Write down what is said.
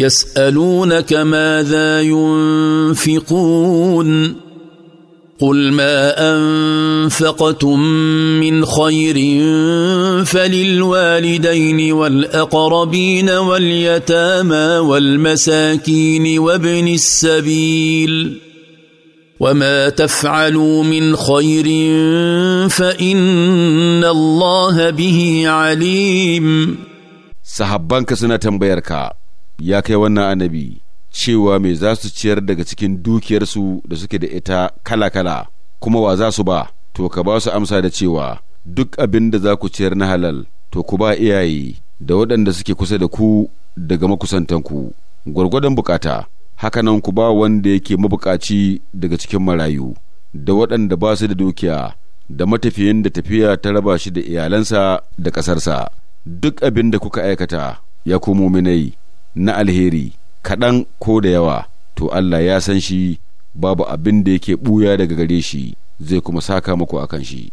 يسالونك ماذا ينفقون قل ما انفقتم من خير فللوالدين والاقربين واليتامى والمساكين وابن السبيل وما تفعلوا من خير فان الله به عليم sahabbanka suna tambayarka ya kai wannan annabi cewa mai za su ciyar daga cikin dukiyarsu da suke da ita kala-kala kuma wa za su ba to ka ba su amsa da cewa duk abin da za ku ciyar na halal to ku ba iyaye da waɗanda suke kusa da ku daga makusantanku gwargwadon bukata hakanan ku ba wanda yake mabukaci daga cikin marayu da waɗanda ba su da dukiya da matafiyin da tafiya ta raba shi da iyalansa da ƙasarsa duk abin da kuka aikata ya kuma muminai na alheri kaɗan ko da yawa to Allah ya san shi babu abin da yake ɓuya daga gare shi zai kuma saka muku akan shi